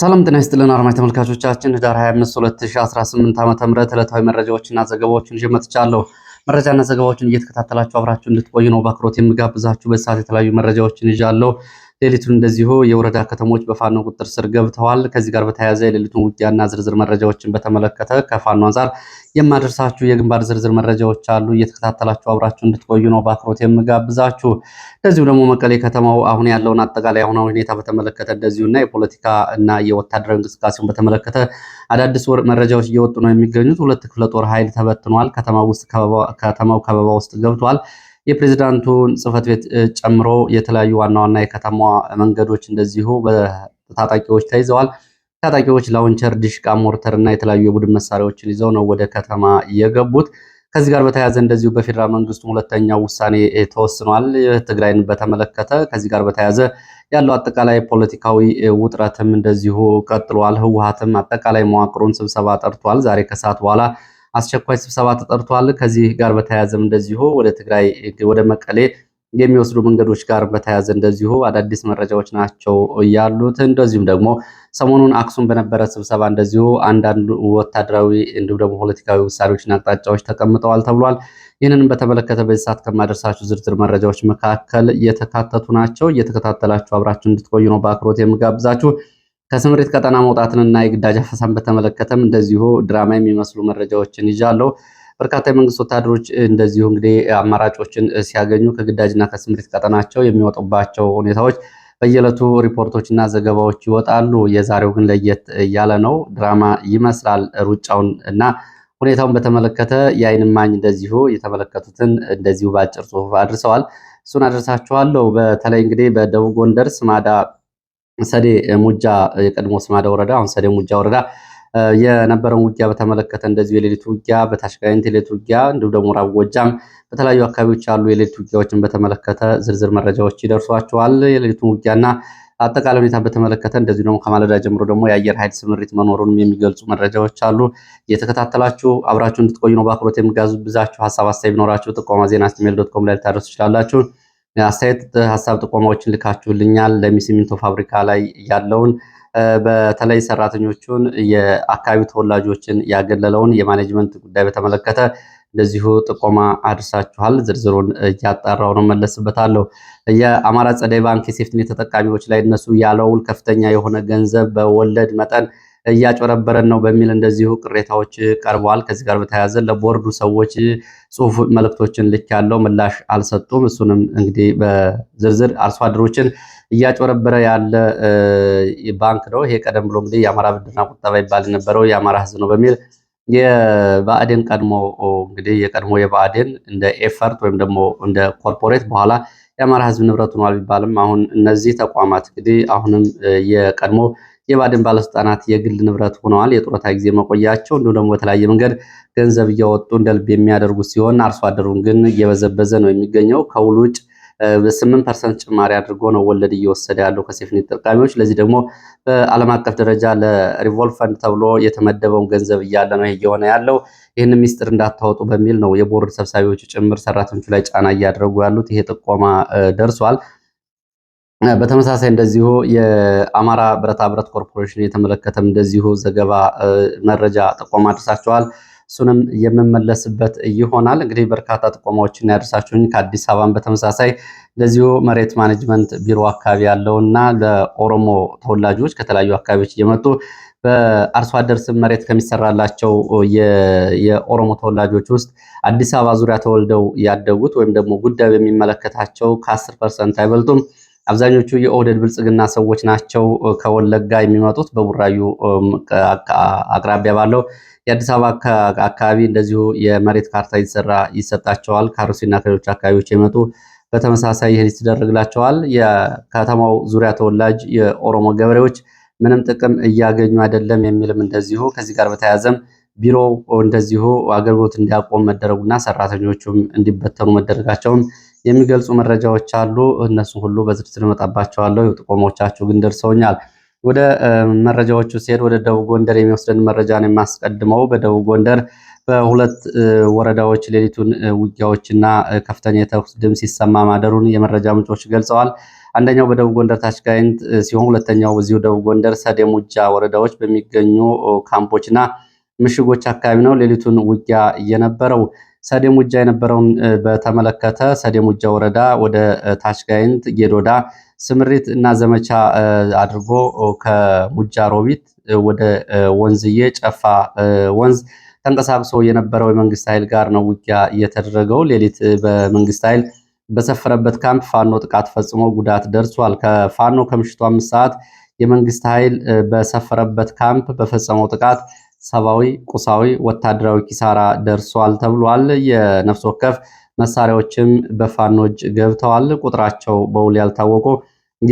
ሰላም ጤና ይስጥልን አድማጭ ተመልካቾቻችን ህዳር 25 2018 ዓ.ም ዕለታዊ መረጃዎችና ዘገባዎችን ይዤ መጥቻለሁ። መረጃና ዘገባዎችን እየተከታተላችሁ አብራችሁ እንድትቆዩ ነው በአክብሮት የምጋብዛችሁ። በሰዓት የተለያዩ መረጃዎችን ይዣለሁ። ሌሊቱን እንደዚሁ የወረዳ ከተሞች በፋኖ ቁጥጥር ስር ገብተዋል። ከዚህ ጋር በተያያዘ የሌሊቱን ውጊያና ዝርዝር መረጃዎችን በተመለከተ ከፋኖ አንጻር የማደርሳችሁ የግንባር ዝርዝር መረጃዎች አሉ። እየተከታተላችሁ አብራችሁ እንድትቆዩ ነው በአክሮት የምጋብዛችሁ። እንደዚሁ ደግሞ መቀሌ ከተማው አሁን ያለውን አጠቃላይ አሁናዊ ሁኔታ በተመለከተ እንደዚሁና የፖለቲካ እና የወታደራዊ እንቅስቃሴውን በተመለከተ አዳዲስ መረጃዎች እየወጡ ነው የሚገኙት። ሁለት ክፍለ ጦር ኃይል ተበትኗል። ከተማው ከበባ ውስጥ ገብቷል። የፕሬዝዳንቱን ጽህፈት ቤት ጨምሮ የተለያዩ ዋና ዋና የከተማ መንገዶች እንደዚሁ በታጣቂዎች ተይዘዋል። ታጣቂዎች ላውንቸር፣ ዲሽቃ፣ ሞርተር እና የተለያዩ የቡድን መሳሪያዎችን ይዘው ነው ወደ ከተማ የገቡት። ከዚህ ጋር በተያያዘ እንደዚሁ በፌዴራል መንግስቱ ሁለተኛው ውሳኔ ተወስኗል። ትግራይን በተመለከተ ከዚህ ጋር በተያያዘ ያለው አጠቃላይ ፖለቲካዊ ውጥረትም እንደዚሁ ቀጥሏል። ህወሀትም አጠቃላይ መዋቅሩን ስብሰባ ጠርቷል። ዛሬ ከሰዓት በኋላ አስቸኳይ ስብሰባ ተጠርቷል። ከዚህ ጋር በተያያዘም እንደዚሁ ወደ ትግራይ ወደ መቀሌ የሚወስዱ መንገዶች ጋር በተያያዘ እንደዚሁ አዳዲስ መረጃዎች ናቸው ያሉት። እንደዚሁም ደግሞ ሰሞኑን አክሱም በነበረ ስብሰባ እንደዚሁ አንዳንድ ወታደራዊ እንዲሁም ደግሞ ፖለቲካዊ ውሳኔዎችና አቅጣጫዎች ተቀምጠዋል ተብሏል። ይህንንም በተመለከተ በዚህ ሰዓት ከማደርሳችሁ ዝርዝር መረጃዎች መካከል የተካተቱ ናቸው። እየተከታተላችሁ አብራችሁ እንድትቆዩ ነው በአክብሮት የምጋብዛችሁ። ከስምሪት ቀጠና መውጣትንና የግዳጅ አፈሳን በተመለከተም እንደዚሁ ድራማ የሚመስሉ መረጃዎችን ይዣለሁ። በርካታ የመንግስት ወታደሮች እንደዚሁ እንግዲህ አማራጮችን ሲያገኙ ከግዳጅና ከስምሪት ቀጠናቸው የሚወጡባቸው ሁኔታዎች በየዕለቱ ሪፖርቶችና ዘገባዎች ይወጣሉ። የዛሬው ግን ለየት ያለ ነው፣ ድራማ ይመስላል። ሩጫውን እና ሁኔታውን በተመለከተ የአይን እማኝ እንደዚሁ የተመለከቱትን እንደዚሁ በአጭር ጽሁፍ አድርሰዋል። እሱን አድርሳችኋለሁ። በተለይ እንግዲህ በደቡብ ጎንደር ስማዳ ሰዴ ሙጃ የቀድሞ ስማዳ ወረዳ አሁን ሰዴ ሙጃ ወረዳ የነበረውን ውጊያ በተመለከተ እንደዚሁ የሌሊት ውጊያ በታሽጋይንት የሌሊት ውጊያ እንዲሁም ደግሞ ምዕራብ ጎጃም በተለያዩ አካባቢዎች ያሉ የሌሊት ውጊያዎችን በተመለከተ ዝርዝር መረጃዎች ይደርሷቸዋል። የሌሊቱን ውጊያና አጠቃላይ ሁኔታ በተመለከተ እንደዚሁ ደግሞ ከማለዳ ጀምሮ ደግሞ የአየር ኃይል ስምሪት መኖሩንም የሚገልጹ መረጃዎች አሉ። እየተከታተላችሁ አብራችሁ እንድትቆዩ ነው በአክብሮት ብዛችሁ ሀሳብ አስተያየት ቢኖራችሁ ጥቆማ ዜና ጂሜል ዶት ኮም ላይ ልታደርሱ ትችላላችሁ። አስተያየት፣ ሀሳብ ጥቆማዎችን ልካችሁልኛል። ለሚ ሲሚንቶ ፋብሪካ ላይ ያለውን በተለይ ሰራተኞቹን የአካባቢ ተወላጆችን ያገለለውን የማኔጅመንት ጉዳይ በተመለከተ እንደዚሁ ጥቆማ አድርሳችኋል። ዝርዝሩን እያጣራው ነው መለስበታለሁ። የአማራ ጸደይ ባንክ የሴፍትኔት ተጠቃሚዎች ላይ እነሱ ያለውል ከፍተኛ የሆነ ገንዘብ በወለድ መጠን እያጭበረበረን ነው በሚል እንደዚሁ ቅሬታዎች ቀርበዋል። ከዚህ ጋር በተያያዘ ለቦርዱ ሰዎች ጽሁፍ መልእክቶችን ልክ ያለው ምላሽ አልሰጡም። እሱንም እንግዲህ በዝርዝር አርሶ አደሮችን እያጭበረበረ ያለ ባንክ ነው ይሄ። ቀደም ብሎ እንግዲህ የአማራ ብድርና ቁጠባ ይባል የነበረው የአማራ ህዝብ ነው በሚል የባዕዴን ቀድሞ እንግዲህ የቀድሞ የባዕዴን እንደ ኤፈርት ወይም ደግሞ እንደ ኮርፖሬት በኋላ የአማራ ህዝብ ንብረት ሆኗል ቢባልም አሁን እነዚህ ተቋማት እንግዲህ አሁንም የቀድሞ የባድን ባለስልጣናት የግል ንብረት ሆነዋል። የጡረታ ጊዜ መቆያቸው እንዲሁም ደግሞ በተለያየ መንገድ ገንዘብ እያወጡ እንደ ልብ የሚያደርጉ ሲሆን አርሶ አደሩን ግን እየበዘበዘ ነው የሚገኘው። ከውል ውጭ በስምንት ፐርሰንት ጭማሪ አድርጎ ነው ወለድ እየወሰደ ያለው ከሴፍኔት ተጠቃሚዎች። ለዚህ ደግሞ በዓለም አቀፍ ደረጃ ለሪቮልቭ ፈንድ ተብሎ የተመደበውን ገንዘብ እያለ ነው እየሆነ ያለው። ይህን ሚስጥር እንዳታወጡ በሚል ነው የቦርድ ሰብሳቢዎች ጭምር ሰራተኞቹ ላይ ጫና እያደረጉ ያሉት። ይሄ ጥቆማ ደርሷል። በተመሳሳይ እንደዚሁ የአማራ ብረታ ብረት ኮርፖሬሽን የተመለከተም እንደዚሁ ዘገባ መረጃ ጥቆማ አድርሳቸዋል። እሱንም የምመለስበት ይሆናል። እንግዲህ በርካታ ጥቆማዎችን ያደርሳችሁኝ ከአዲስ አበባን በተመሳሳይ እንደዚሁ መሬት ማኔጅመንት ቢሮ አካባቢ ያለውና ለኦሮሞ ተወላጆች ከተለያዩ አካባቢዎች እየመጡ በአርሶ አደር ስም መሬት ከሚሰራላቸው የኦሮሞ ተወላጆች ውስጥ አዲስ አበባ ዙሪያ ተወልደው ያደጉት ወይም ደግሞ ጉዳዩ የሚመለከታቸው ከአስር ፐርሰንት አይበልጡም አብዛኞቹ የኦህደድ ብልጽግና ሰዎች ናቸው ከወለጋ የሚመጡት። በቡራዩ አቅራቢያ ባለው የአዲስ አበባ አካባቢ እንደዚሁ የመሬት ካርታ ይሰራ ይሰጣቸዋል። ከአርሲና ከሌሎች አካባቢዎች የመጡ በተመሳሳይ ይህን ይደረግላቸዋል። የከተማው ዙሪያ ተወላጅ የኦሮሞ ገበሬዎች ምንም ጥቅም እያገኙ አይደለም የሚልም እንደዚሁ ከዚህ ጋር በተያያዘም ቢሮው እንደዚሁ አገልግሎት እንዲያቆም መደረጉና ሰራተኞቹም እንዲበተኑ መደረጋቸውም የሚገልጹ መረጃዎች አሉ። እነሱ ሁሉ በዝርዝር እመጣባቸዋለሁ። ጥቆሞቻችሁ ግን ደርሰውኛል። ወደ መረጃዎቹ ሲሄድ ወደ ደቡብ ጎንደር የሚወስደን መረጃ ነው የማስቀድመው። በደቡብ ጎንደር በሁለት ወረዳዎች ሌሊቱን ውጊያዎችና ከፍተኛ የተኩስ ድምፅ ሲሰማ ማደሩን የመረጃ ምንጮች ገልጸዋል። አንደኛው በደቡብ ጎንደር ታሽጋይንት ሲሆን ሁለተኛው በዚሁ ደቡብ ጎንደር ሰዴ ሙጃ ወረዳዎች በሚገኙ ካምፖችና ምሽጎች አካባቢ ነው ሌሊቱን ውጊያ እየነበረው። ሰዴ ሙጃ የነበረውን በተመለከተ ሰዴ ሙጃ ወረዳ ወደ ታች ጋይንት ጌዶዳ ስምሪት እና ዘመቻ አድርጎ ከሙጃ ሮቢት ወደ ወንዝዬ ጨፋ ወንዝ ተንቀሳቅሶ የነበረው የመንግስት ኃይል ጋር ነው ውጊያ እየተደረገው። ሌሊት በመንግስት ኃይል በሰፈረበት ካምፕ ፋኖ ጥቃት ፈጽሞ ጉዳት ደርሷል። ከፋኖ ከምሽቱ አምስት ሰዓት የመንግስት ኃይል በሰፈረበት ካምፕ በፈጸመው ጥቃት ሰብአዊ፣ ቁሳዊ፣ ወታደራዊ ኪሳራ ደርሷል ተብሏል። የነፍስ ወከፍ መሳሪያዎችም በፋኖች ገብተዋል። ቁጥራቸው በውል ያልታወቁ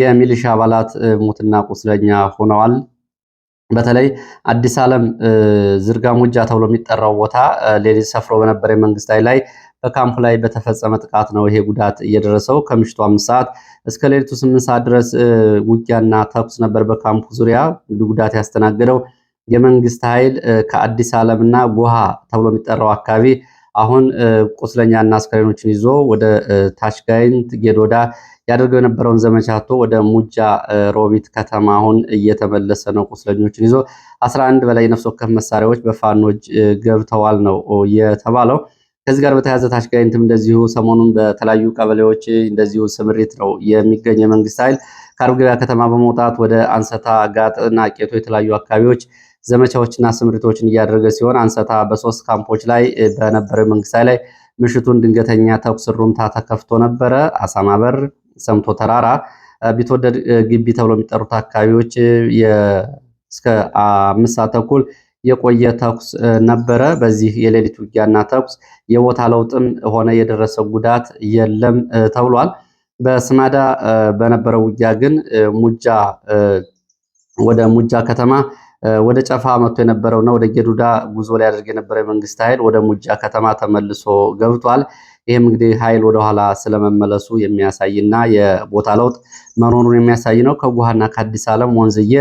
የሚሊሻ አባላት ሞትና ቁስለኛ ሆነዋል። በተለይ አዲስ ዓለም ዝርጋ ሙጃ ተብሎ የሚጠራው ቦታ ሌሊት ሰፍሮ በነበረ የመንግስት ኃይል ላይ በካምፕ ላይ በተፈጸመ ጥቃት ነው ይሄ ጉዳት እየደረሰው። ከምሽቱ አምስት ሰዓት እስከ ሌሊቱ ስምንት ሰዓት ድረስ ውጊያና ተኩስ ነበር በካምፕ ዙሪያ ጉዳት ያስተናገደው። የመንግስት ኃይል ከአዲስ ዓለምና ጎሃ ተብሎ የሚጠራው አካባቢ አሁን ቁስለኛና አስከሬኖችን ይዞ ወደ ታችጋይንት ጌዶዳ ያደርገው የነበረውን ዘመቻ ቶ ወደ ሙጃ ሮቢት ከተማ አሁን እየተመለሰ ነው። ቁስለኞችን ይዞ 11 በላይ ነፍስ ወከፍ መሳሪያዎች በፋኖች ገብተዋል ነው የተባለው። ከዚህ ጋር በተያያዘ ታሽጋይንትም እንደዚሁ ሰሞኑን በተለያዩ ቀበሌዎች እንደዚሁ ስምሪት ነው የሚገኝ የመንግስት ኃይል ከአርብ ገበያ ከተማ በመውጣት ወደ አንሰታ ጋጥና ቄቶ የተለያዩ አካባቢዎች ዘመቻዎችና ስምሪቶችን እያደረገ ሲሆን አንሰታ በሶስት ካምፖች ላይ በነበረ መንግስት ላይ ምሽቱን ድንገተኛ ተኩስ ሩምታ ተከፍቶ ነበረ። አሳማበር፣ ሰምቶ ተራራ፣ ቢትወደድ ግቢ ተብሎ የሚጠሩት አካባቢዎች እስከ አምስት ሰዓት ተኩል የቆየ ተኩስ ነበረ። በዚህ የሌሊት ውጊያና ተኩስ የቦታ ለውጥም ሆነ የደረሰ ጉዳት የለም ተብሏል። በስማዳ በነበረው ውጊያ ግን ሙጃ ወደ ሙጃ ከተማ ወደ ጨፋ መጥቶ የነበረውና ወደ ጌዱዳ ጉዞ ላይ ሊያደርግ የነበረው የመንግስት ኃይል ወደ ሙጃ ከተማ ተመልሶ ገብቷል። ይህም እንግዲህ ኃይል ወደኋላ ስለመመለሱ የሚያሳይና የቦታ ለውጥ መኖሩን የሚያሳይ ነው። ከጉሃና ከአዲስ ዓለም ወንዝዬ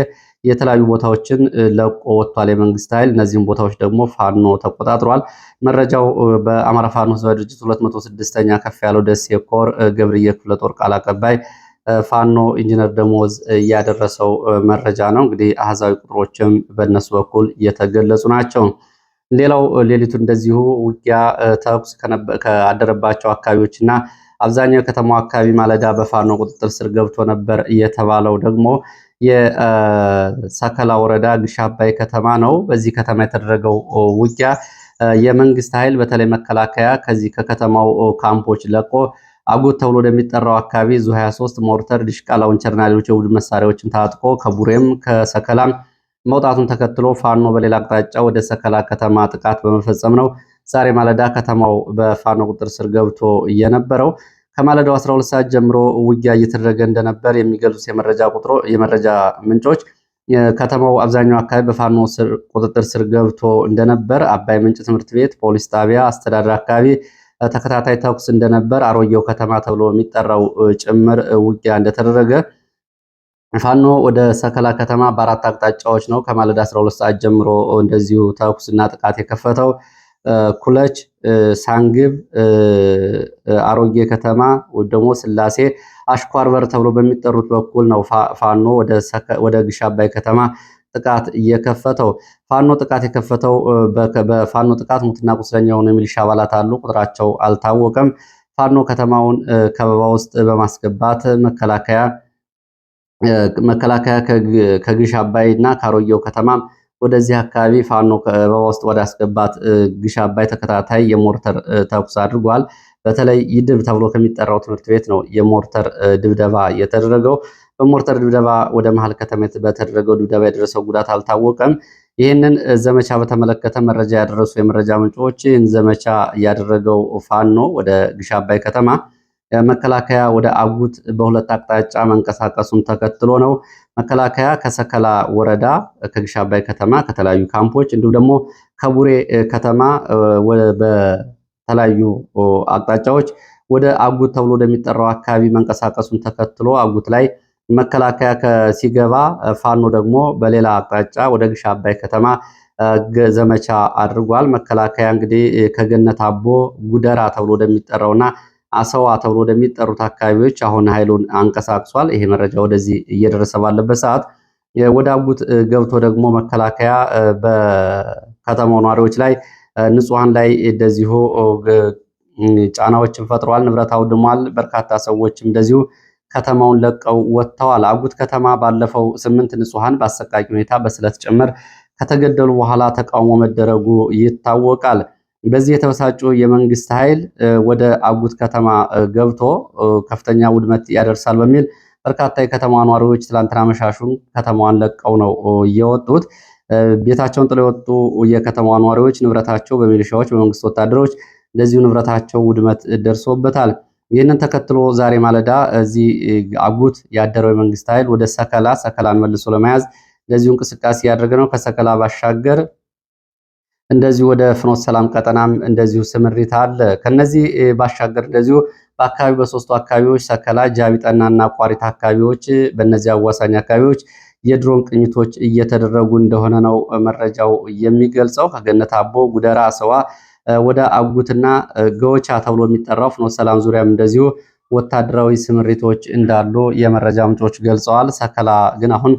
የተለያዩ ቦታዎችን ለቆ ወጥቷል የመንግስት ኃይል። እነዚህም ቦታዎች ደግሞ ፋኖ ተቆጣጥሯል። መረጃው በአማራ ፋኖ ህዝባዊ ድርጅት 206ኛ ከፍ ያለው ደሴ ኮር ገብርዬ ክፍለ ጦር ቃል አቀባይ ፋኖ ኢንጂነር ደሞዝ ያደረሰው መረጃ ነው። እንግዲህ አህዛዊ ቁጥሮችም በእነሱ በኩል እየተገለጹ ናቸው። ሌላው ሌሊቱ እንደዚሁ ውጊያ ተኩስ ከአደረባቸው አካባቢዎች እና አብዛኛው የከተማው አካባቢ ማለዳ በፋኖ ቁጥጥር ስር ገብቶ ነበር የተባለው ደግሞ የሰከላ ወረዳ ግሻ አባይ ከተማ ነው። በዚህ ከተማ የተደረገው ውጊያ የመንግስት ኃይል በተለይ መከላከያ ከዚህ ከከተማው ካምፖች ለቆ አጎት ተብሎ ወደሚጠራው አካባቢ ዙ 23 ሞርተር፣ ዲሽቃ፣ ላውንቸርና ሌሎች የቡድን መሳሪያዎችን ታጥቆ ከቡሬም ከሰከላም መውጣቱን ተከትሎ ፋኖ በሌላ አቅጣጫ ወደ ሰከላ ከተማ ጥቃት በመፈጸም ነው ዛሬ ማለዳ ከተማው በፋኖ ቁጥጥር ስር ገብቶ የነበረው። ከማለዳው 12 ሰዓት ጀምሮ ውጊያ እየተደረገ እንደነበር የሚገልጹት የመረጃ ቁጥሮ የመረጃ ምንጮች ከተማው አብዛኛው አካባቢ በፋኖ ቁጥጥር ስር ገብቶ እንደነበር አባይ ምንጭ ትምህርት ቤት፣ ፖሊስ ጣቢያ፣ አስተዳደር አካባቢ ተከታታይ ተኩስ እንደነበር አሮጌው ከተማ ተብሎ የሚጠራው ጭምር ውጊያ እንደተደረገ ፋኖ ወደ ሰከላ ከተማ በአራት አቅጣጫዎች ነው ከማለዳ 12 ሰዓት ጀምሮ እንደዚሁ ተኩስና ጥቃት የከፈተው። ኩለች፣ ሳንግብ፣ አሮጌ ከተማ ደግሞ ስላሴ፣ አሽኳርበር ተብሎ በሚጠሩት በኩል ነው ፋኖ ወደ ግሻ አባይ ከተማ ጥቃት የከፈተው ፋኖ ጥቃት የከፈተው በፋኖ ጥቃት ሙትና ቁስለኛ የሆኑ የሚሊሻ አባላት አሉ። ቁጥራቸው አልታወቀም። ፋኖ ከተማውን ከበባ ውስጥ በማስገባት መከላከያ መከላከያ ከግሽ አባይ እና ካሮየው ከተማ ወደዚህ አካባቢ ፋኖ ከበባ ውስጥ ወደ አስገባት ግሽ አባይ ተከታታይ የሞርተር ተኩስ አድርጓል። በተለይ ይድብ ተብሎ ከሚጠራው ትምህርት ቤት ነው የሞርተር ድብደባ የተደረገው። በሞርተር ድብደባ ወደ መሀል ከተማ በተደረገው ድብደባ የደረሰው ጉዳት አልታወቀም። ይህንን ዘመቻ በተመለከተ መረጃ ያደረሱ የመረጃ ምንጮች ይህን ዘመቻ ያደረገው ፋኖ ወደ ግሽ አባይ ከተማ መከላከያ ወደ አጉት በሁለት አቅጣጫ መንቀሳቀሱን ተከትሎ ነው። መከላከያ ከሰከላ ወረዳ ከግሽ አባይ ከተማ ከተለያዩ ካምፖች እንዲሁም ደግሞ ከቡሬ ከተማ በተለያዩ አቅጣጫዎች ወደ አጉት ተብሎ ወደሚጠራው አካባቢ መንቀሳቀሱን ተከትሎ አጉት ላይ መከላከያ ሲገባ ፋኖ ደግሞ በሌላ አቅጣጫ ወደ ግሽ አባይ ከተማ ዘመቻ አድርጓል። መከላከያ እንግዲህ ከገነት አቦ ጉደራ ተብሎ ወደሚጠራውና አሰዋ ተብሎ ወደሚጠሩት አካባቢዎች አሁን ኃይሉን አንቀሳቅሷል። ይሄ መረጃ ወደዚህ እየደረሰ ባለበት ሰዓት ወደ አጉት ገብቶ ደግሞ መከላከያ በከተማው ነዋሪዎች ላይ ንጹሐን ላይ እንደዚሁ ጫናዎችን ፈጥሯል። ንብረት አውድሟል። በርካታ ሰዎችም እንደዚሁ ከተማውን ለቀው ወጥተዋል። አጉት ከተማ ባለፈው ስምንት ንጹሐን በአሰቃቂ ሁኔታ በስለት ጭምር ከተገደሉ በኋላ ተቃውሞ መደረጉ ይታወቃል። በዚህ የተበሳጩ የመንግስት ኃይል ወደ አጉት ከተማ ገብቶ ከፍተኛ ውድመት ያደርሳል በሚል በርካታ የከተማ ነዋሪዎች ትላንትና መሻሹን ከተማዋን ለቀው ነው የወጡት። ቤታቸውን ጥለው የወጡ የከተማ ነዋሪዎች ንብረታቸው በሚሊሻዎች፣ በመንግስት ወታደሮች እንደዚሁ ንብረታቸው ውድመት ደርሶበታል። ይህንን ተከትሎ ዛሬ ማለዳ እዚህ አጉት ያደረው የመንግስት ኃይል ወደ ሰከላ ሰከላን መልሶ ለመያዝ እንደዚሁ እንቅስቃሴ ያደረገ ነው። ከሰከላ ባሻገር እንደዚሁ ወደ ፍኖት ሰላም ቀጠናም እንደዚሁ ስምሪት አለ። ከነዚህ ባሻገር እንደዚሁ በአካባቢ በሶስቱ አካባቢዎች ሰከላ፣ ጃቢጠና ጠናና ቋሪት አካባቢዎች በእነዚህ አዋሳኝ አካባቢዎች የድሮን ቅኝቶች እየተደረጉ እንደሆነ ነው መረጃው የሚገልጸው። ከገነት አቦ፣ ጉደራ፣ ሰዋ ወደ አጉትና ገወቻ ተብሎ የሚጠራው ፍኖተ ሰላም ዙሪያም እንደዚሁ ወታደራዊ ስምሪቶች እንዳሉ የመረጃ ምንጮች ገልጸዋል። ሰከላ ግን አሁን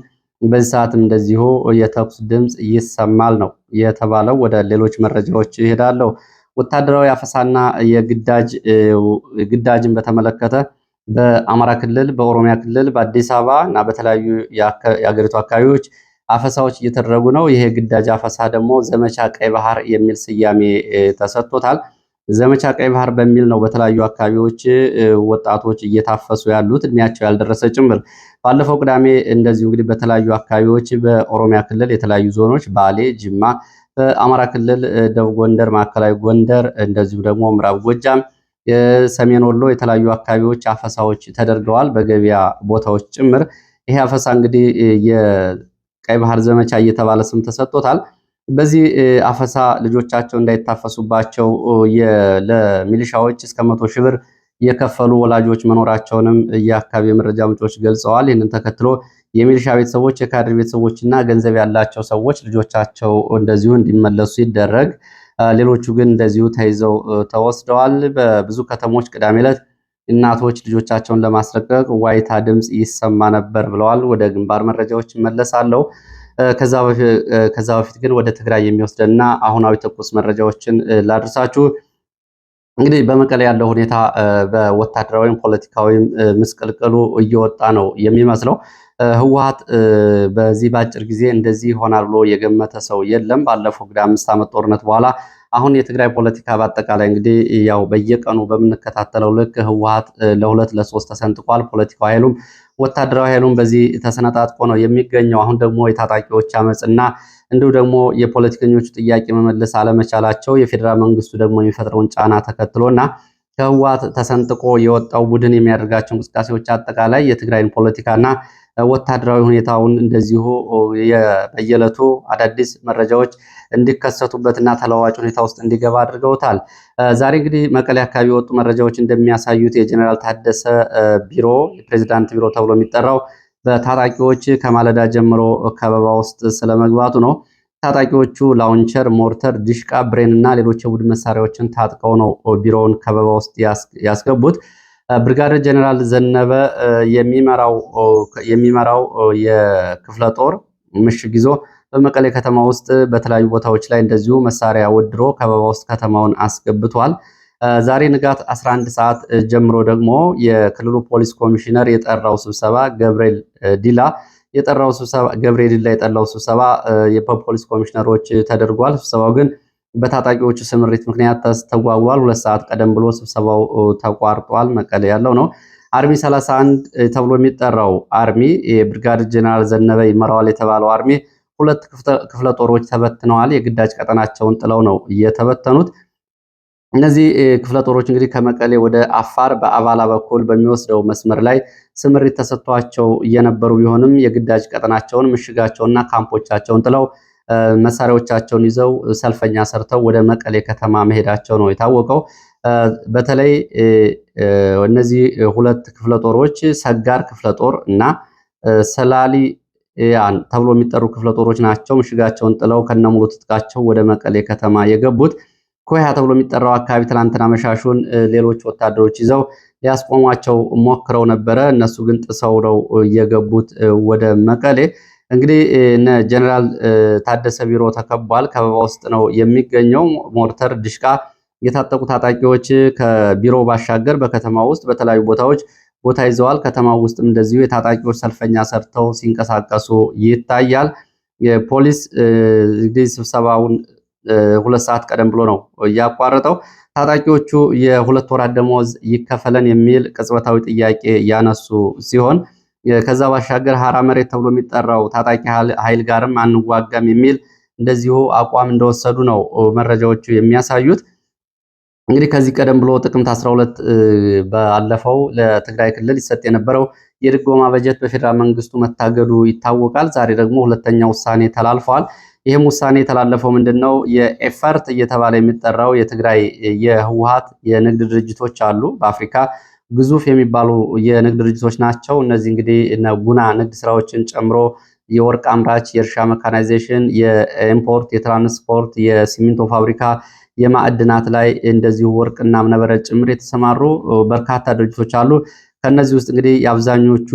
በዚህ ሰዓትም እንደዚሁ የተኩስ ድምፅ ይሰማል ነው የተባለው። ወደ ሌሎች መረጃዎች ይሄዳለሁ። ወታደራዊ አፈሳና የግዳጅ ግዳጅን በተመለከተ በአማራ ክልል፣ በኦሮሚያ ክልል፣ በአዲስ አበባ እና በተለያዩ የአገሪቱ አካባቢዎች አፈሳዎች እየተደረጉ ነው። ይሄ ግዳጅ አፈሳ ደግሞ ዘመቻ ቀይ ባህር የሚል ስያሜ ተሰጥቶታል። ዘመቻ ቀይ ባህር በሚል ነው በተለያዩ አካባቢዎች ወጣቶች እየታፈሱ ያሉት እድሜያቸው ያልደረሰ ጭምር። ባለፈው ቅዳሜ እንደዚሁ እንግዲህ በተለያዩ አካባቢዎች በኦሮሚያ ክልል የተለያዩ ዞኖች ባሌ፣ ጅማ፣ በአማራ ክልል ደቡብ ጎንደር፣ ማዕከላዊ ጎንደር እንደዚሁ ደግሞ ምዕራብ ጎጃም የሰሜን ወሎ የተለያዩ አካባቢዎች አፈሳዎች ተደርገዋል፣ በገበያ ቦታዎች ጭምር። ይሄ አፈሳ እንግዲህ ቀይ ባህር ዘመቻ እየተባለ ስም ተሰጥቶታል። በዚህ አፈሳ ልጆቻቸው እንዳይታፈሱባቸው ለሚሊሻዎች እስከ መቶ ሺህ ብር የከፈሉ ወላጆች መኖራቸውንም የአካባቢ የመረጃ ምንጮች ገልጸዋል። ይህንን ተከትሎ የሚሊሻ ቤተሰቦች፣ የካድሬ ቤተሰቦች እና ገንዘብ ያላቸው ሰዎች ልጆቻቸው እንደዚሁ እንዲመለሱ ይደረግ፣ ሌሎቹ ግን እንደዚሁ ተይዘው ተወስደዋል። በብዙ ከተሞች ቅዳሜ ዕለት እናቶች ልጆቻቸውን ለማስረቀቅ ዋይታ ድምፅ ይሰማ ነበር ብለዋል። ወደ ግንባር መረጃዎች እመለሳለሁ። ከዛ በፊት ግን ወደ ትግራይ የሚወስደና አሁናዊ ትኩስ መረጃዎችን ላድርሳችሁ። እንግዲህ በመቀለ ያለው ሁኔታ በወታደራዊም ፖለቲካዊም ምስቅልቅሉ እየወጣ ነው የሚመስለው። ህወሀት በዚህ በአጭር ጊዜ እንደዚህ ይሆናል ብሎ የገመተ ሰው የለም። ባለፈው እንግዲህ አምስት ዓመት ጦርነት በኋላ አሁን የትግራይ ፖለቲካ በአጠቃላይ እንግዲህ ያው በየቀኑ በምንከታተለው ልክ ህወሀት ለሁለት ለሶስት ተሰንጥቋል። ፖለቲካው ኃይሉም ወታደራዊ ኃይሉም በዚህ ተሰነጣጥቆ ነው የሚገኘው። አሁን ደግሞ የታጣቂዎች አመፅና እንዲሁ ደግሞ የፖለቲከኞቹ ጥያቄ መመለስ አለመቻላቸው የፌዴራል መንግስቱ ደግሞ የሚፈጥረውን ጫና ተከትሎና ከህወሀት ተሰንጥቆ የወጣው ቡድን የሚያደርጋቸው እንቅስቃሴዎች አጠቃላይ የትግራይን ፖለቲካና ወታደራዊ ሁኔታውን እንደዚሁ በየዕለቱ አዳዲስ መረጃዎች እንዲከሰቱበትና ተለዋዋጭ ሁኔታ ውስጥ እንዲገባ አድርገውታል። ዛሬ እንግዲህ መቀሌ አካባቢ የወጡ መረጃዎች እንደሚያሳዩት የጀኔራል ታደሰ ቢሮ የፕሬዚዳንት ቢሮ ተብሎ የሚጠራው በታጣቂዎች ከማለዳ ጀምሮ ከበባ ውስጥ ስለመግባቱ ነው። ታጣቂዎቹ ላውንቸር፣ ሞርተር፣ ዲሽቃ፣ ብሬን እና ሌሎች የቡድን መሳሪያዎችን ታጥቀው ነው ቢሮውን ከበባ ውስጥ ያስገቡት። ብርጋዴር ጀኔራል ዘነበ የሚመራው የክፍለ ጦር ምሽግ ይዞ በመቀሌ ከተማ ውስጥ በተለያዩ ቦታዎች ላይ እንደዚሁ መሳሪያ ወድሮ ከበባ ውስጥ ከተማውን አስገብቷል። ዛሬ ንጋት 11 ሰዓት ጀምሮ ደግሞ የክልሉ ፖሊስ ኮሚሽነር የጠራው ስብሰባ ገብርኤል ዲላ የጠራው ስብሰባ ገብርኤል ዲላ የጠራው ስብሰባ በፖሊስ ኮሚሽነሮች ተደርጓል። ስብሰባው ግን በታጣቂዎቹ ስምሪት ምክንያት ተስተጓጉሏል። ሁለት ሰዓት ቀደም ብሎ ስብሰባው ተቋርጧል። መቀሌ ያለው ነው። አርሚ 31 ተብሎ የሚጠራው አርሚ የብርጋድ ጀነራል ዘነበ ይመራዋል የተባለው አርሚ ሁለት ክፍለ ጦሮች ተበትነዋል። የግዳጅ ቀጠናቸውን ጥለው ነው የተበተኑት። እነዚህ ክፍለ ጦሮች እንግዲህ ከመቀሌ ወደ አፋር በአባላ በኩል በሚወስደው መስመር ላይ ስምሪት ተሰጥቷቸው እየነበሩ ቢሆንም የግዳጅ ቀጠናቸውን ምሽጋቸውንና ካምፖቻቸውን ጥለው መሳሪያዎቻቸውን ይዘው ሰልፈኛ ሰርተው ወደ መቀሌ ከተማ መሄዳቸው ነው የታወቀው። በተለይ እነዚህ ሁለት ክፍለ ጦሮች ሰጋር ክፍለ ጦር እና ሰላሊ ተብሎ የሚጠሩ ክፍለ ጦሮች ናቸው። ምሽጋቸውን ጥለው ከነሙሉ ትጥቃቸው ወደ መቀሌ ከተማ የገቡት ኮያ ተብሎ የሚጠራው አካባቢ ትላንትና መሻሹን ሌሎች ወታደሮች ይዘው ሊያስቆሟቸው ሞክረው ነበረ። እነሱ ግን ጥሰው ነው የገቡት ወደ መቀሌ። እንግዲህ እነ ጀነራል ታደሰ ቢሮ ተከቧል። ከበባ ውስጥ ነው የሚገኘው። ሞርተር፣ ድሽቃ የታጠቁ ታጣቂዎች ከቢሮ ባሻገር በከተማ ውስጥ በተለያዩ ቦታዎች ቦታ ይዘዋል። ከተማ ውስጥ እንደዚሁ የታጣቂዎች ሰልፈኛ ሰርተው ሲንቀሳቀሱ ይታያል። የፖሊስ እንግዲህ ስብሰባውን ሁለት ሰዓት ቀደም ብሎ ነው እያቋረጠው። ታጣቂዎቹ የሁለት ወራት ደሞዝ ይከፈለን የሚል ቅጽበታዊ ጥያቄ ያነሱ ሲሆን ከዛ ባሻገር ሀራ መሬት ተብሎ የሚጠራው ታጣቂ ኃይል ጋርም አንዋጋም የሚል እንደዚሁ አቋም እንደወሰዱ ነው መረጃዎቹ የሚያሳዩት። እንግዲህ ከዚህ ቀደም ብሎ ጥቅምት 12 ባለፈው ለትግራይ ክልል ይሰጥ የነበረው የድጎማ በጀት በፌዴራል መንግስቱ መታገዱ ይታወቃል። ዛሬ ደግሞ ሁለተኛ ውሳኔ ተላልፏል። ይህም ውሳኔ የተላለፈው ምንድን ነው? የኤፈርት እየተባለ የሚጠራው የትግራይ የህወሀት የንግድ ድርጅቶች አሉ በአፍሪካ ግዙፍ የሚባሉ የንግድ ድርጅቶች ናቸው። እነዚህ እንግዲህ ጉና ንግድ ስራዎችን ጨምሮ የወርቅ አምራች፣ የእርሻ መካናይዜሽን፣ የኢምፖርት፣ የትራንስፖርት፣ የሲሚንቶ ፋብሪካ፣ የማዕድናት ላይ እንደዚሁ ወርቅና እምነበረድ ጭምር የተሰማሩ በርካታ ድርጅቶች አሉ። ከእነዚህ ውስጥ እንግዲህ የአብዛኞቹ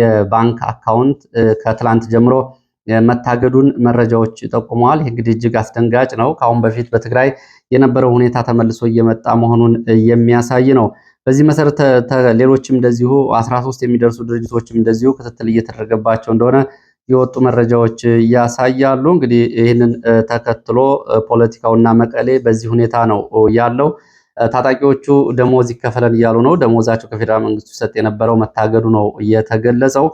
የባንክ አካውንት ከትላንት ጀምሮ መታገዱን መረጃዎች ጠቁመዋል። ይህ እንግዲህ እጅግ አስደንጋጭ ነው። ከአሁን በፊት በትግራይ የነበረው ሁኔታ ተመልሶ እየመጣ መሆኑን የሚያሳይ ነው። በዚህ መሰረት ሌሎችም እንደዚሁ 13 የሚደርሱ ድርጅቶችም እንደዚሁ ክትትል እየተደረገባቸው እንደሆነ የወጡ መረጃዎች ያሳያሉ። እንግዲህ ይህንን ተከትሎ ፖለቲካውና መቀሌ በዚህ ሁኔታ ነው ያለው። ታጣቂዎቹ ደሞዝ ይከፈለን እያሉ ነው። ደሞዛቸው ከፌዴራል መንግስቱ ሲሰጥ የነበረው መታገዱ ነው የተገለጸው።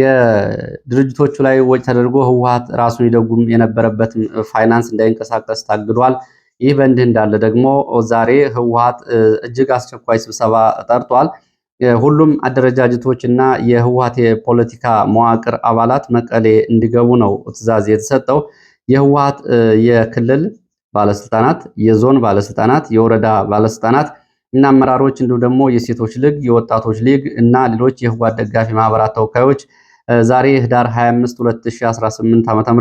የድርጅቶቹ ላይ ወጪ ተደርጎ ህወሀት ራሱን ይደጉም የነበረበትም ፋይናንስ እንዳይንቀሳቀስ ታግዷል። ይህ በእንዲህ እንዳለ ደግሞ ዛሬ ህወሀት እጅግ አስቸኳይ ስብሰባ ጠርቷል። ሁሉም አደረጃጀቶች እና የህወሀት የፖለቲካ መዋቅር አባላት መቀሌ እንዲገቡ ነው ትዕዛዝ የተሰጠው። የህወሀት የክልል ባለስልጣናት፣ የዞን ባለስልጣናት፣ የወረዳ ባለስልጣናት እና አመራሮች እንዲሁም ደግሞ የሴቶች ሊግ፣ የወጣቶች ሊግ እና ሌሎች የህወሀት ደጋፊ ማህበራት ተወካዮች ዛሬ ህዳር 25 2018 ዓ.ም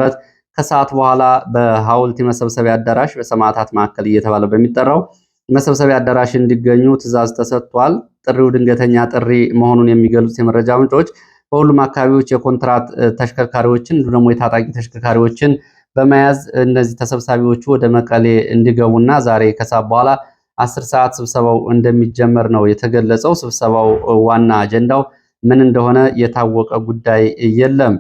ከሰዓት በኋላ በሐውልት የመሰብሰቢያ አዳራሽ በሰማዕታት ማዕከል እየተባለ በሚጠራው መሰብሰቢያ አዳራሽ እንዲገኙ ትዕዛዝ ተሰጥቷል። ጥሪው ድንገተኛ ጥሪ መሆኑን የሚገልጹት የመረጃ ምንጮች በሁሉም አካባቢዎች የኮንትራት ተሽከርካሪዎችን እንዲሁም ደግሞ የታጣቂ ተሽከርካሪዎችን በመያዝ እነዚህ ተሰብሳቢዎቹ ወደ መቀሌ እንዲገቡና ዛሬ ከሰዓት በኋላ አስር ሰዓት ስብሰባው እንደሚጀመር ነው የተገለጸው። ስብሰባው ዋና አጀንዳው ምን እንደሆነ የታወቀ ጉዳይ የለም።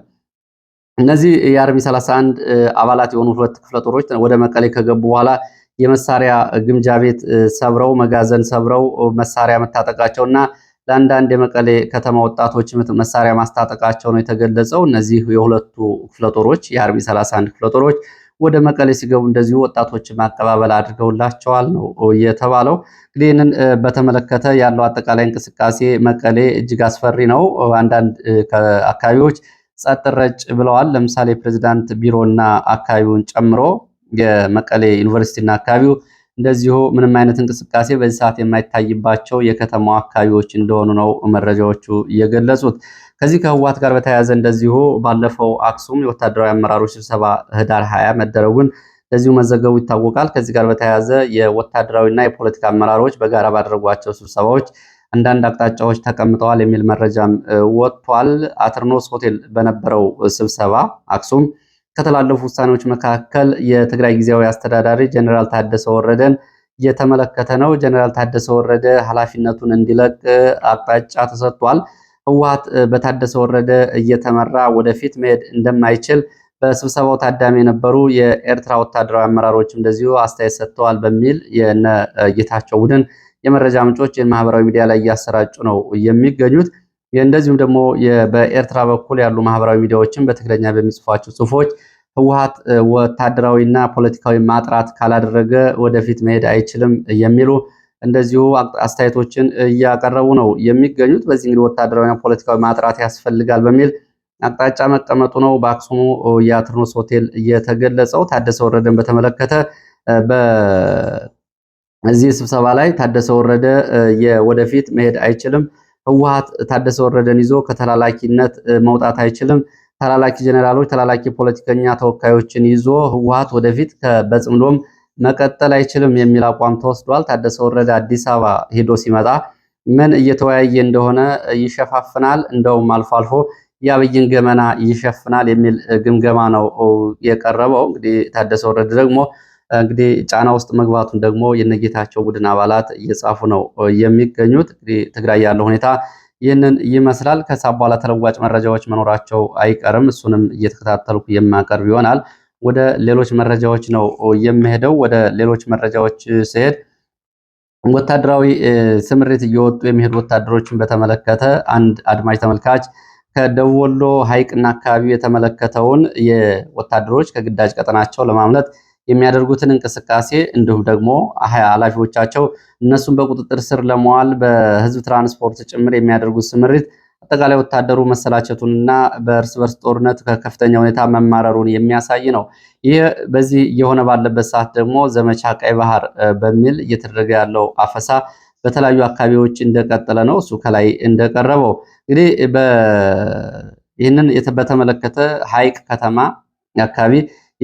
እነዚህ የአርሚ 31 አባላት የሆኑ ሁለት ክፍለ ጦሮች ወደ መቀሌ ከገቡ በኋላ የመሳሪያ ግምጃ ቤት ሰብረው መጋዘን ሰብረው መሳሪያ መታጠቃቸው እና ለአንዳንድ የመቀሌ ከተማ ወጣቶች መሳሪያ ማስታጠቃቸው ነው የተገለጸው። እነዚህ የሁለቱ ክፍለ ጦሮች የአርሚ 31 ክፍለ ጦሮች ወደ መቀሌ ሲገቡ እንደዚሁ ወጣቶች ማቀባበል አድርገውላቸዋል ነው የተባለው። እንግዲህ ይህንን በተመለከተ ያለው አጠቃላይ እንቅስቃሴ መቀሌ እጅግ አስፈሪ ነው። አንዳንድ አካባቢዎች ጸጥ ረጭ ብለዋል። ለምሳሌ ፕሬዚዳንት ቢሮና አካባቢውን ጨምሮ የመቀሌ ዩኒቨርሲቲና አካባቢው እንደዚሁ ምንም አይነት እንቅስቃሴ በዚህ ሰዓት የማይታይባቸው የከተማው አካባቢዎች እንደሆኑ ነው መረጃዎቹ እየገለጹት። ከዚህ ከህወሓት ጋር በተያያዘ እንደዚሁ ባለፈው አክሱም የወታደራዊ አመራሮች ስብሰባ ህዳር ሀያ መደረጉን እንደዚሁ መዘገቡ ይታወቃል። ከዚህ ጋር በተያያዘ የወታደራዊና የፖለቲካ አመራሮች በጋራ ባደረጓቸው ስብሰባዎች አንዳንድ አቅጣጫዎች ተቀምጠዋል የሚል መረጃም ወጥቷል። አትርኖስ ሆቴል በነበረው ስብሰባ አክሱም ከተላለፉ ውሳኔዎች መካከል የትግራይ ጊዜያዊ አስተዳዳሪ ጀኔራል ታደሰ ወረደን እየተመለከተ ነው። ጀኔራል ታደሰ ወረደ ኃላፊነቱን እንዲለቅ አቅጣጫ ተሰጥቷል። ህወሓት በታደሰ ወረደ እየተመራ ወደፊት መሄድ እንደማይችል በስብሰባው ታዳሚ የነበሩ የኤርትራ ወታደራዊ አመራሮች እንደዚሁ አስተያየት ሰጥተዋል በሚል የነ ጌታቸው ቡድን የመረጃ ምንጮች ይህን ማህበራዊ ሚዲያ ላይ እያሰራጩ ነው የሚገኙት። እንደዚሁም ደግሞ በኤርትራ በኩል ያሉ ማህበራዊ ሚዲያዎችን በትግረኛ በሚጽፏቸው ጽሁፎች ህወሓት ወታደራዊና ፖለቲካዊ ማጥራት ካላደረገ ወደፊት መሄድ አይችልም የሚሉ እንደዚሁ አስተያየቶችን እያቀረቡ ነው የሚገኙት። በዚህ እንግዲህ ወታደራዊና ፖለቲካዊ ማጥራት ያስፈልጋል በሚል አቅጣጫ መቀመጡ ነው በአክሱሙ የአትርኖስ ሆቴል የተገለጸው። ታደሰ ወረደን በተመለከተ እዚህ ስብሰባ ላይ ታደሰ ወረደ ወደፊት መሄድ አይችልም፣ ህወሓት ታደሰ ወረደን ይዞ ከተላላኪነት መውጣት አይችልም፣ ተላላኪ ጀኔራሎች፣ ተላላኪ ፖለቲከኛ ተወካዮችን ይዞ ህወሓት ወደፊት በጽምዶም መቀጠል አይችልም የሚል አቋም ተወስዷል። ታደሰ ወረደ አዲስ አበባ ሄዶ ሲመጣ ምን እየተወያየ እንደሆነ ይሸፋፍናል፣ እንደውም አልፎ አልፎ የአብይን ገመና ይሸፍናል የሚል ግምገማ ነው የቀረበው። እንግዲህ ታደሰ ወረደ ደግሞ እንግዲህ ጫና ውስጥ መግባቱን ደግሞ የነጌታቸው ቡድን አባላት እየጻፉ ነው የሚገኙት። እንግዲህ ትግራይ ያለው ሁኔታ ይህንን ይመስላል። ከሳ በኋላ ተለዋጭ መረጃዎች መኖራቸው አይቀርም። እሱንም እየተከታተልኩ የማቀርብ ይሆናል። ወደ ሌሎች መረጃዎች ነው የምሄደው። ወደ ሌሎች መረጃዎች ሲሄድ ወታደራዊ ስምሪት እየወጡ የሚሄዱ ወታደሮችን በተመለከተ አንድ አድማጭ ተመልካች ከደቡብ ወሎ ሐይቅና አካባቢው የተመለከተውን የወታደሮች ከግዳጅ ቀጠናቸው ለማምለጥ የሚያደርጉትን እንቅስቃሴ እንዲሁም ደግሞ ኃላፊዎቻቸው እነሱን በቁጥጥር ስር ለመዋል በህዝብ ትራንስፖርት ጭምር የሚያደርጉት ስምሪት አጠቃላይ ወታደሩ መሰላቸቱንና በእርስ በርስ ጦርነት ከከፍተኛ ሁኔታ መማረሩን የሚያሳይ ነው። ይህ በዚህ እየሆነ ባለበት ሰዓት ደግሞ ዘመቻ ቀይ ባህር በሚል እየተደረገ ያለው አፈሳ በተለያዩ አካባቢዎች እንደቀጠለ ነው። እሱ ከላይ እንደቀረበው እንግዲህ ይህንን በተመለከተ ሀይቅ ከተማ አካባቢ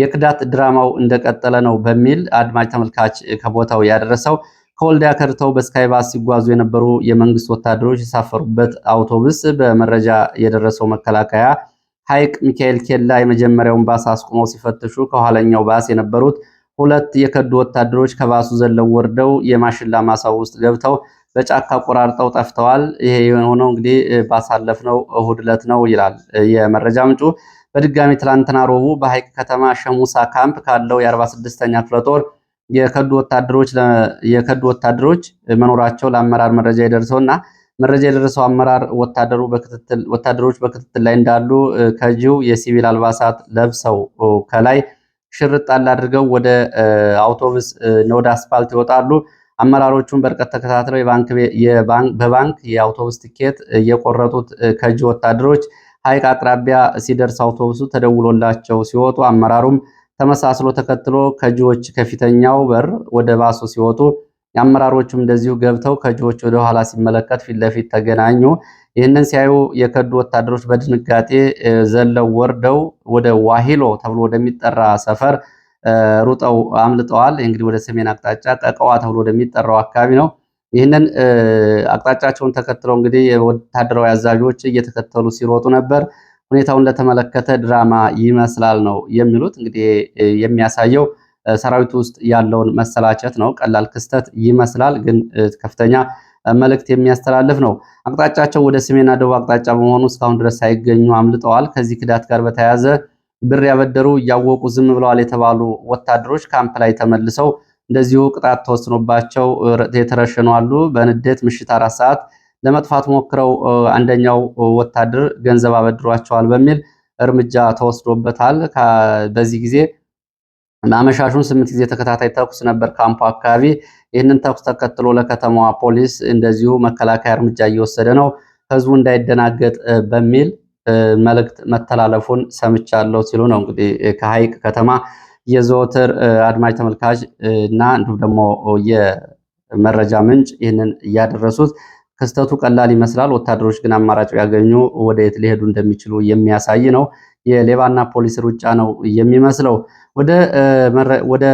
የክዳት ድራማው እንደቀጠለ ነው በሚል አድማጭ ተመልካች ከቦታው ያደረሰው ከወልዲያ ከርተው በስካይ ባስ ሲጓዙ የነበሩ የመንግስት ወታደሮች የሳፈሩበት አውቶቡስ በመረጃ የደረሰው መከላከያ ሐይቅ ሚካኤል ኬላ የመጀመሪያውን ባስ አስቁመው ሲፈትሹ ከኋለኛው ባስ የነበሩት ሁለት የከዱ ወታደሮች ከባሱ ዘለው ወርደው የማሽላ ማሳው ውስጥ ገብተው በጫካ ቆራርጠው ጠፍተዋል። ይሄ የሆነው እንግዲህ ባሳለፍነው እሁድ ዕለት ነው ይላል የመረጃ ምንጩ። በድጋሚ ትላንትና ሮቡ በሐይቅ ከተማ ሸሙሳ ካምፕ ካለው የ46ኛ ክፍለ ጦር የከዱ ወታደሮች መኖራቸው ለአመራር መረጃ የደርሰው እና መረጃ የደረሰው አመራር ወታደሮች በክትትል ላይ እንዳሉ ከጂው የሲቪል አልባሳት ለብሰው ከላይ ሽርጥ አለ አድርገው ወደ አውቶቡስ ወደ አስፋልት ይወጣሉ። አመራሮቹን በርቀት ተከታትለው በባንክ የአውቶቡስ ትኬት የቆረጡት ከጂው ወታደሮች ሐይቅ አቅራቢያ ሲደርስ አውቶቡሱ ተደውሎላቸው ሲወጡ አመራሩም ተመሳስሎ ተከትሎ ከጂዎች ከፊተኛው በር ወደ ባሱ ሲወጡ አመራሮቹም እንደዚሁ ገብተው ከጂዎች ወደ ኋላ ሲመለከት ፊት ለፊት ተገናኙ። ይህንን ሲያዩ የከዱ ወታደሮች በድንጋጤ ዘለው ወርደው ወደ ዋሂሎ ተብሎ ወደሚጠራ ሰፈር ሩጠው አምልጠዋል። እንግዲህ ወደ ሰሜን አቅጣጫ ጠቀዋ ተብሎ ወደሚጠራው አካባቢ ነው። ይህንን አቅጣጫቸውን ተከትለው እንግዲህ የወታደራዊ አዛዦች እየተከተሉ ሲሮጡ ነበር። ሁኔታውን ለተመለከተ ድራማ ይመስላል ነው የሚሉት። እንግዲህ የሚያሳየው ሰራዊቱ ውስጥ ያለውን መሰላቸት ነው። ቀላል ክስተት ይመስላል፣ ግን ከፍተኛ መልእክት የሚያስተላልፍ ነው። አቅጣጫቸው ወደ ሰሜንና ደቡብ አቅጣጫ በመሆኑ እስካሁን ድረስ ሳይገኙ አምልጠዋል። ከዚህ ክዳት ጋር በተያያዘ ብር ያበደሩ እያወቁ ዝም ብለዋል የተባሉ ወታደሮች ካምፕ ላይ ተመልሰው እንደዚሁ ቅጣት ተወስኖባቸው የተረሸኑ አሉ። በንዴት ምሽት አራት ሰዓት ለመጥፋት ሞክረው አንደኛው ወታደር ገንዘብ አበድሯቸዋል በሚል እርምጃ ተወስዶበታል። በዚህ ጊዜ ማመሻሹን ስምንት ጊዜ ተከታታይ ተኩስ ነበር ካምፖ አካባቢ። ይህንን ተኩስ ተከትሎ ለከተማዋ ፖሊስ እንደዚሁ መከላከያ እርምጃ እየወሰደ ነው፣ ህዝቡ እንዳይደናገጥ በሚል መልእክት መተላለፉን ሰምቻለሁ ሲሉ ነው እንግዲህ ከሀይቅ ከተማ የዘወትር አድማጭ ተመልካች እና እንዲሁም ደግሞ የመረጃ ምንጭ ይህንን እያደረሱት ክስተቱ ቀላል ይመስላል። ወታደሮች ግን አማራጭ ያገኙ የት ሊሄዱ እንደሚችሉ የሚያሳይ ነው። የሌባና ፖሊስ ሩጫ ነው የሚመስለው። ወደ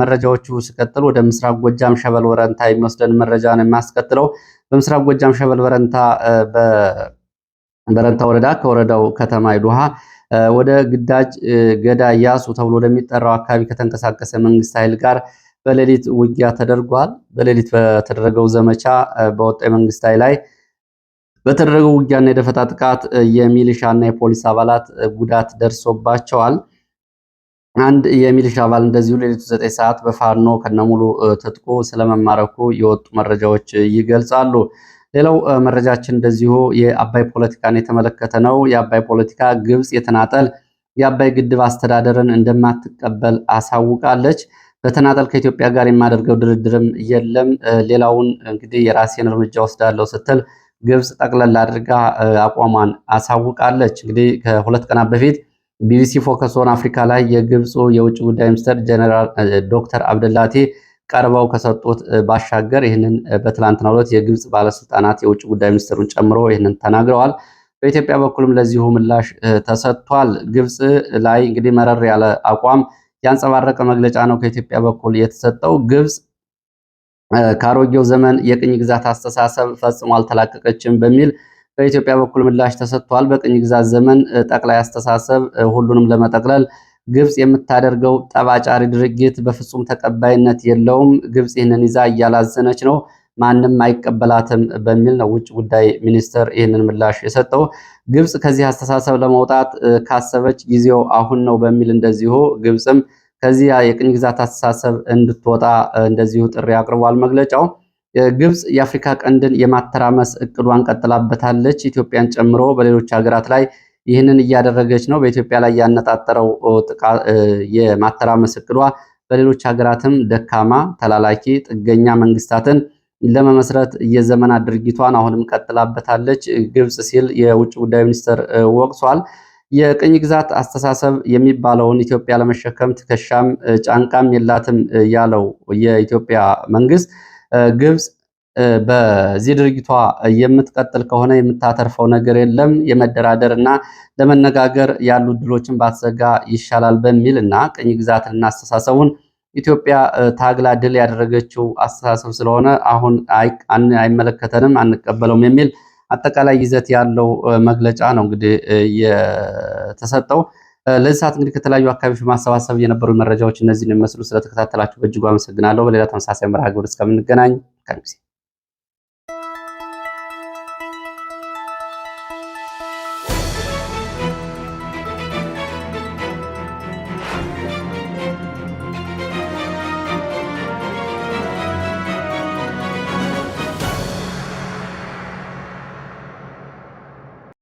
መረጃዎቹ ስቀጥል ወደ ምስራቅ ጎጃም ሸበል ወረንታ የሚወስደን መረጃ ነው የማስቀጥለው። በምስራቅ ጎጃም ሸበል በረንታ በረንታ ወረዳ ከወረዳው ከተማ ይዱሃ ወደ ግዳጅ ገዳ ያሱ ተብሎ ወደሚጠራው አካባቢ ከተንቀሳቀሰ መንግስት ኃይል ጋር በሌሊት ውጊያ ተደርጓል። በሌሊት በተደረገው ዘመቻ በወጣ መንግስት ኃይል ላይ በተደረገው ውጊያና የደፈጣ ጥቃት የሚሊሻና የፖሊስ አባላት ጉዳት ደርሶባቸዋል። አንድ የሚሊሻ አባል እንደዚሁ ሌሊቱ ዘጠኝ ሰዓት በፋኖ ከነሙሉ ትጥቁ ስለመማረኩ የወጡ መረጃዎች ይገልጻሉ። ሌላው መረጃችን እንደዚሁ የአባይ ፖለቲካን የተመለከተ ነው። የአባይ ፖለቲካ ግብጽ የተናጠል የአባይ ግድብ አስተዳደርን እንደማትቀበል አሳውቃለች። በተናጠል ከኢትዮጵያ ጋር የማደርገው ድርድርም የለም፣ ሌላውን እንግዲህ የራሴን እርምጃ ወስዳለው ስትል ግብጽ ጠቅለል አድርጋ አቋሟን አሳውቃለች። እንግዲህ ከሁለት ቀናት በፊት ቢቢሲ ፎከስ ኦን አፍሪካ ላይ የግብፁ የውጭ ጉዳይ ሚኒስትር ጀነራል ዶክተር አብደላቴ ቀርበው ከሰጡት ባሻገር ይህንን በትላንትናው ዕለት የግብፅ ባለስልጣናት የውጭ ጉዳይ ሚኒስትሩን ጨምሮ ይህንን ተናግረዋል። በኢትዮጵያ በኩልም ለዚሁ ምላሽ ተሰጥቷል። ግብፅ ላይ እንግዲህ መረር ያለ አቋም ያንጸባረቀ መግለጫ ነው ከኢትዮጵያ በኩል የተሰጠው። ግብፅ ከአሮጌው ዘመን የቅኝ ግዛት አስተሳሰብ ፈጽሞ አልተላቀቀችም በሚል በኢትዮጵያ በኩል ምላሽ ተሰጥቷል። በቅኝ ግዛት ዘመን ጠቅላይ አስተሳሰብ ሁሉንም ለመጠቅለል ግብጽ የምታደርገው ጠባጫሪ ድርጊት በፍጹም ተቀባይነት የለውም። ግብጽ ይህንን ይዛ እያላዘነች ነው፣ ማንም አይቀበላትም በሚል ነው ውጭ ጉዳይ ሚኒስትር ይህንን ምላሽ የሰጠው። ግብጽ ከዚህ አስተሳሰብ ለመውጣት ካሰበች ጊዜው አሁን ነው በሚል እንደዚሁ ግብጽም ከዚህ የቅኝ ግዛት አስተሳሰብ እንድትወጣ እንደዚሁ ጥሪ አቅርቧል። መግለጫው ግብጽ የአፍሪካ ቀንድን የማተራመስ እቅዷን ቀጥላበታለች። ኢትዮጵያን ጨምሮ በሌሎች ሀገራት ላይ ይህንን እያደረገች ነው። በኢትዮጵያ ላይ ያነጣጠረው የማተራመስ እቅዷ በሌሎች ሀገራትም ደካማ፣ ተላላኪ፣ ጥገኛ መንግስታትን ለመመስረት የዘመናት ድርጊቷን አሁንም ቀጥላበታለች ግብጽ ሲል የውጭ ጉዳይ ሚኒስትር ወቅሷል። የቅኝ ግዛት አስተሳሰብ የሚባለውን ኢትዮጵያ ለመሸከም ትከሻም ጫንቃም የላትም ያለው የኢትዮጵያ መንግስት ግብጽ በዚህ ድርጊቷ የምትቀጥል ከሆነ የምታተርፈው ነገር የለም፣ የመደራደር እና ለመነጋገር ያሉ እድሎችን ባትዘጋ ይሻላል በሚል እና ቅኝ ግዛትንና አስተሳሰቡን ኢትዮጵያ ታግላ ድል ያደረገችው አስተሳሰብ ስለሆነ አሁን አይመለከተንም፣ አንቀበለውም የሚል አጠቃላይ ይዘት ያለው መግለጫ ነው እንግዲህ የተሰጠው። ለዚህ ሰዓት እንግዲህ ከተለያዩ አካባቢዎች ማሰባሰብ የነበሩ መረጃዎች እነዚህን የሚመስሉ ስለተከታተላችሁ በእጅጉ አመሰግናለሁ። በሌላ ተመሳሳይ መርሃ ግብር እስከምንገናኝ ከጊዜ